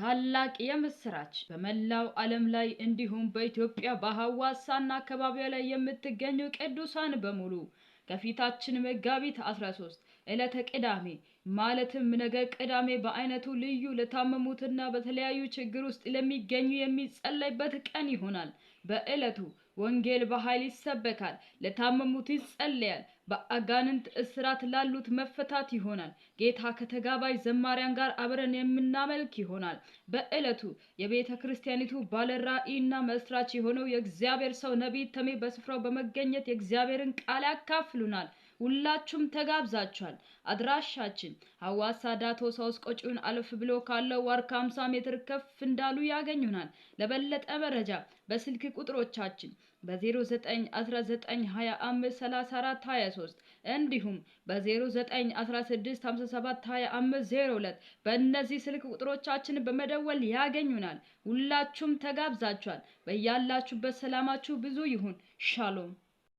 ታላቅ የምስራች በመላው ዓለም ላይ እንዲሁም በኢትዮጵያ በሐዋሳና አካባቢያ ላይ የምትገኙ ቅዱሳን በሙሉ ከፊታችን መጋቢት 13 ዕለተ ቅዳሜ ማለትም ነገ ቅዳሜ በአይነቱ ልዩ ለታመሙትና በተለያዩ ችግር ውስጥ ለሚገኙ የሚጸለይበት ቀን ይሆናል። በዕለቱ ወንጌል በኃይል ይሰበካል፣ ለታመሙት ይጸለያል፣ በአጋንንት እስራት ላሉት መፈታት ይሆናል። ጌታ ከተጋባዥ ዘማሪያን ጋር አብረን የምናመልክ ይሆናል። በዕለቱ የቤተ ክርስቲያኒቱ ባለራዕይና መስራች የሆነው የእግዚአብሔር ሰው ነቢይ ተሜ በስፍራው በመገኘት የእግዚአብሔርን ቃል ያካፍሉናል። ሁላችሁም ተጋብዛችኋል። አድራሻችን ሐዋሳ ዳቶ ሳውስ ቆጪውን አለፍ ብሎ ካለው ዋርካ 50 ሜትር ከፍ እንዳሉ ያገኙናል። ለበለጠ መረጃ በስልክ ቁጥሮቻችን በ0919253423 እንዲሁም በ0916572502 በእነዚህ ስልክ ቁጥሮቻችን በመደወል ያገኙናል። ሁላችሁም ተጋብዛችኋል። በያላችሁበት ሰላማችሁ ብዙ ይሁን። ሻሎም